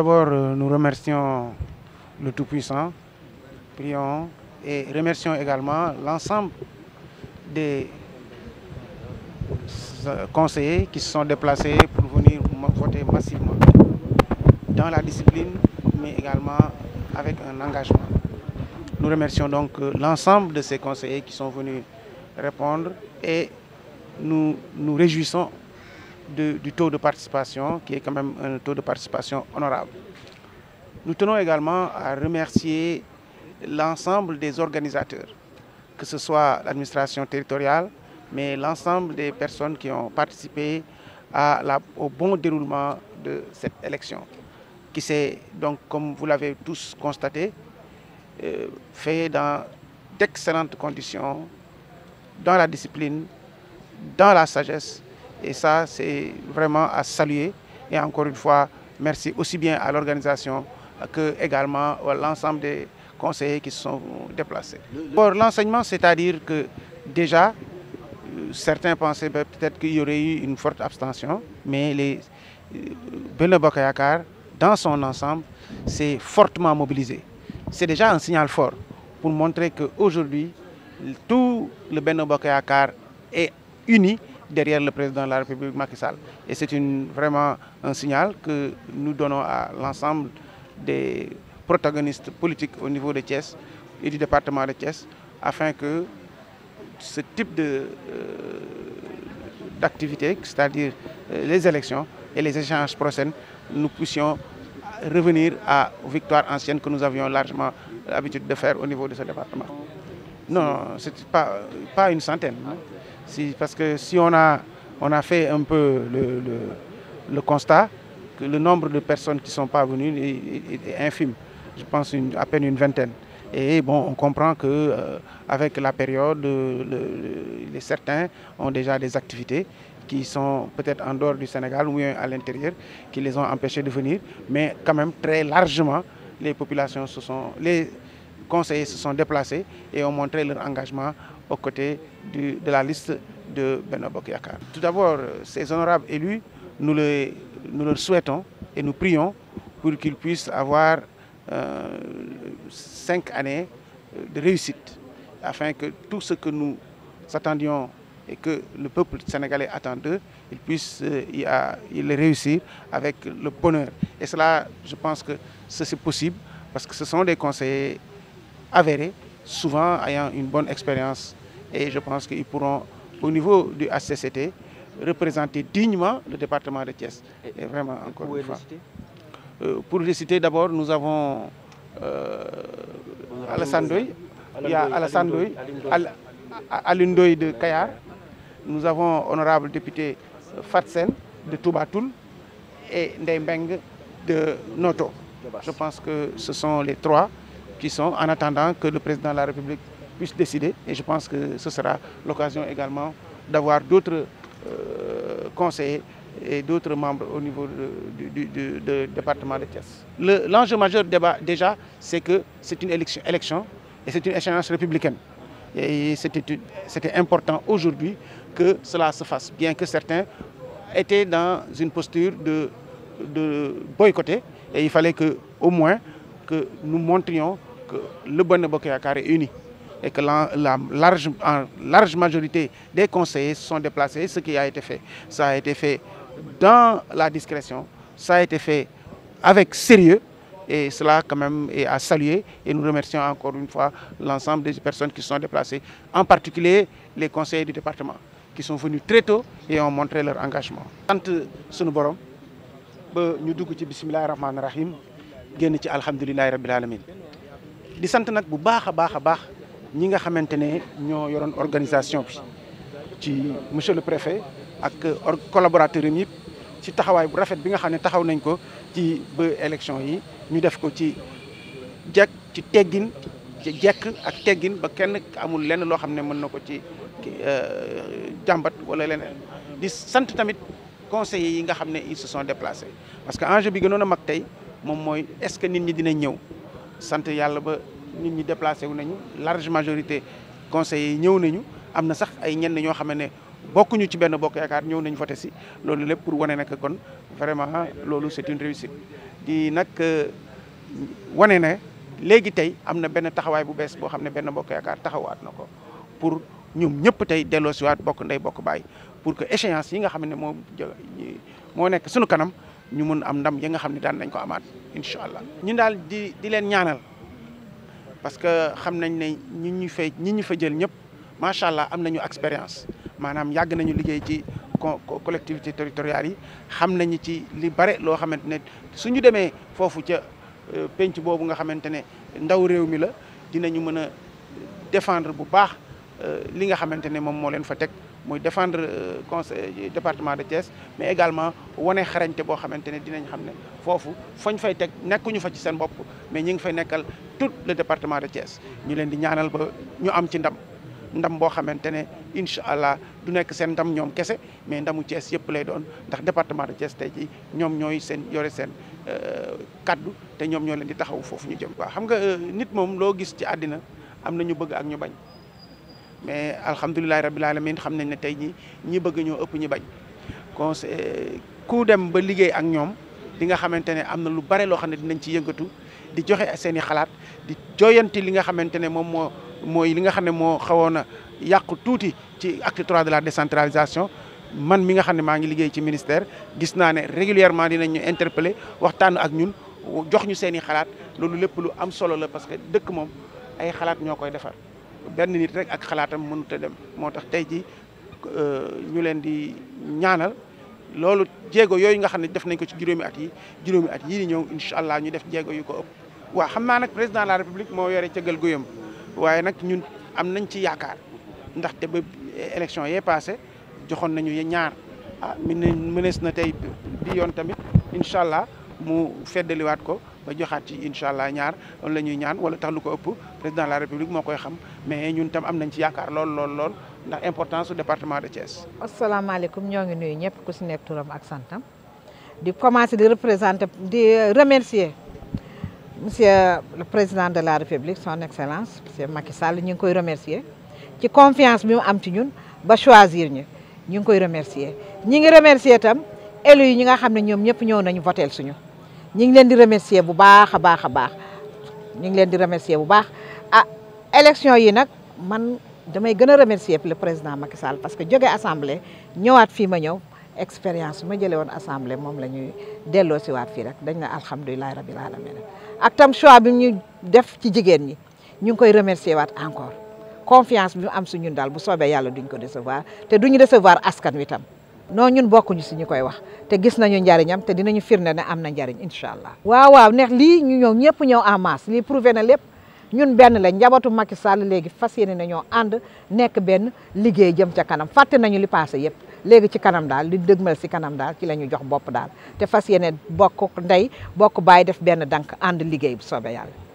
D'abord, euh, nous remercions le Tout-Puissant, prions et remercions également l'ensemble des euh, conseillers qui se sont déplacés pour venir massivement dans la discipline, mais également avec un engagement. Nous remercions donc euh, l'ensemble de ces conseillers qui sont venus répondre et nous réjouissons du, du, taux de participation, qui est quand même un taux de participation honorable. Nous tenons également à remercier l'ensemble des organisateurs, que ce soit l'administration territoriale, mais l'ensemble des personnes qui ont participé à la, au bon déroulement de cette élection, qui s'est donc, comme vous l'avez tous constaté, euh, fait dans d'excellentes conditions, dans la discipline, dans la sagesse Et ça, c'est vraiment à saluer. Et encore une fois, merci aussi bien à l'organisation que également à l'ensemble des conseillers qui se sont déplacés. Pour l'enseignement, c'est-à-dire que déjà, euh, certains pensaient peut-être qu'il y aurait eu une forte abstention, mais les euh, Benoît Bakayakar, dans son ensemble, s'est fortement mobilisé. C'est déjà un signal fort pour montrer qu'aujourd'hui, tout le Benoît Bakayakar est uni derrière le président de la République Macky Sall. Et c'est vraiment un signal que nous donnons à l'ensemble des protagonistes politiques au niveau de Thiès et du département de Thiès afin que ce type de, euh, d'activité, c'est-à-dire euh, les élections et les échanges prochaines, nous puissions revenir à victoire ancienne que nous avions largement l'habitude de faire au niveau de ce département. Non, ce n'est pas, pas une centaine. Si, parce que si on a, on a fait un peu le, le, le constat, que le nombre de personnes qui ne sont pas venues est, est, est infime. Je pense une, à peine une vingtaine. Et bon, on comprend que euh, avec la période, le, les certains ont déjà des activités qui sont peut-être en dehors du Sénégal ou à l'intérieur, qui les ont empêchés de venir. Mais quand même, très largement, les populations se sont, les conseillers se sont déplacés et ont montré leur engagement aux côtés du, de la liste de Beno Bokyakar. Tout d'abord, euh, ces honorables élus, nous, les, nous leur souhaitons et nous prions pour qu'ils puissent avoir euh, cinq années euh, de réussite, afin que tout ce que nous attendions et que le peuple sénégalais attend d'eux, ils puissent euh, y, a, y les réussir avec le bonheur. Et cela, je pense que c'est possible parce que ce sont des conseillers avérés, souvent ayant une bonne expérience Et je pense qu'ils pourront, au niveau du HCCT, représenter dignement le département de Thiès. Et vraiment, euh, pour les citer d'abord, nous avons euh, Alassane Doy, il y de Kayar, nous avons honorable député euh, Fatsen de Toubatoul et Ndembeng de Noto. Je pense que ce sont les trois qui sont en attendant que le président de la République puisse décider. Et je pense que ce sera l'occasion également d'avoir d'autres euh, conseillers et d'autres membres au niveau de, du, du, de département de Thiès. L'enjeu Le, majeur débat déjà, c'est que c'est une élection, élection et c'est une échéance républicaine. Et c'était important aujourd'hui que cela se fasse, bien que certains étaient dans une posture de, de boycotter. Et il fallait que, au moins que nous montrions que le bon Bokéakar est uni. et la, la large, en large majorité des conseillers se sont déplacés. Ce qui a été fait, ça dans la discrétion, ça avec sérieux et cela quand même est à saluer et nous remercions encore une fois l'ensemble des personnes qui se sont déplacées, en particulier les conseillers du département qui sont venus très tôt et ont montré leur engagement. sant sunu borom ba ñu dugg ci bisimilah rahmaani rahim génn ci alhamdulilah rabil alamin di sant nag bu baax a baax ñi nga xamante ne ñoo yoroon organisation bi ci monsieur le préfet ak euh, collaborateur yi yëpp ci taxawaay bu rafet bi nga xam ne taxaw nañ ko ci ba élection yi ñu def ko ci jekk ci teggin ci jekk ak teggin ba kenn amul lenn loo xam ne mën na ko ci euh, jàmbat wala leneen di sant tamit conseillers yi nga xam ne ils se sont déplacés parce que enjeu bi ga gënoon a mag tey moom mooy est-ce que nit ñi dinañ ñëw sant yàlla ba nit ñi déplacé wu nañu large majorité conseillers ñëw nañu am na sax ay ñenn ñoo xam ne bokkuñu ci benn bokk yaakaar ñëw nañu voté si loolu lépp pour wane nag kon vraiment loolu c'est une réussite di nag euh, wane ne léegi tey am na benn taxawaay bu bees boo xam ne benn bokk yaakaar taxawaat na ko pour ñoom ñëpp tey delloosiwaat bokk ndey bokk baay pour que échéance yi nga xam ne moo moo nekk sunu kanam ñu mun am ndam yi nga xam ne daan nañ ko amaat incha allah. ñu daal di leen ñaanal. parce que xam nañ ne ñi ñu fay ñi ñu fa jël ñëpp macha allah am nañu expérience maanaam yàgg nañu liggéey ci collectivité territoriale yi xam nañu ci li bare loo xamante ne su ñu demee foofu ca euh, penc boobu nga xamante ne ndaw réew mi la dinañu mën a défendre bu baax euh, li nga xamante ne moom moo leen fa teg mooy défendre euh, conseil euh, département de Thiès mais également wane xarañte boo xamante ne dinañ xam ne foofu fañ fay teg nekkuñu fa ci seen bopp mais ñi ngi fay nekkal tout le département de Thiès ñu leen di ñaanal ba ñu am ci ndam ndam boo xamante ne incha allah du nekk seen ndam ñoom kese mais ndamu Thiès yëpp lay doon ndax département de Thiès tey jii ñoom ñooy seen yore seen euh, kaddu te ñoom ñoo leen di taxaw foofu ñu jëm. waa xam nga nit moom loo gis ci àddina am na ñu bëgg ak ñu bañ. mais alhamdulilahi rabbil alamin xam nañ ne tey ñi ñi bëgg ñoo ëpp ñi bañ kon eh, ku dem ba liggéey ak ñoom di nga xamante ne am na lu bare loo xam ne dinañ ci yëngatu di joxe seen i xalaat di joyanti li nga xamante ne moom moo mooy li nga xam ne moo xawoon a yàqu tuuti ci acte trois de la décentralisation man mi nga xam ne maa ngi liggéey ci ministère gis naa ne régulièrement dinañ ñu interpeller waxtaan ak ñun jox ñu seen i xalaat loolu lépp lu am solo la parce que dëkk moom ay xalaat ñoo koy defar benn nit rek ak xalaatam mënut a dem moo tax tey ji euh, ñu leen di ñaanal loolu jéego yooyu nga xam ne def nañ ko ci juróomi at yi juróomi at yii di ñëw incha allah ñu def jéego yu ko ëpp. waaw xam naa nag président la république moo yore cëgal guyam waaye nag ñun am nañ ci yaakaar ndaxte ba élection yee passé joxoon nañu ñaar ah mi ne mënees na tey bi yoon tamit incha allah mu feddaliwaat ko. ba joxaat ci incha allah ñaar loolu la ñuy ñaan wala tax ko ëpp président de la république moo koy xam mais ñun tam am nañ ci yaakaar lool lool lool ndax importance su département de Thiès. asalaamaaleykum ñoo ngi nuyu ñëpp ku si nekk turam ak santam di commencer di représenter di remercier monsieur le président de la république son excellence monsieur Macky Sall ñu ngi koy remercier ci confiance bi mu am ci ñun ba choisir ñu ñu ngi koy remercier ñi ngi remercier itam élus yi ñi nga xam ne ñoom ñëpp ñëw nañu votel suñu. ñi ngi leen di remercier bu baax a baax a baax ñi ngi leen di remercier bu baax ah élection yi nag man damay gën a remercier la président Macky Sall parce que jóge assemblée ñëwaat fii ma ñëw expérience ma jëlee woon assemblée moom la ñuy delloo si waat fii rek dañ na alhamdulilah rabil alamin ak tam choix bi ñu def ci jigéen ñi ñu ngi koy remercier waat encore confiance bi am su ñun daal bu soobee yàlla duñ ko décevoir te duñu décevoir askan wi tam non ñun bokkuñu si ñu koy wax te gis nañu njariñam te dinañu firnde ne am na njariñ incha allah. waaw waaw neex lii ñu ñëw ñëpp ñëw en masse lii prouvé na lépp ñun benn le njabootu Macky Sall léegi fas yéene nañoo ànd nekk benn liggéey jem ca kanam fàtte nañu li passé yëpp léegi ci kanam daal li dëgmal si kanam daal ci la ñu jox bopp daal te fas yéene bokk ndey bokk bàyyi def benn dank ànd liggéey bu soobee yàlla.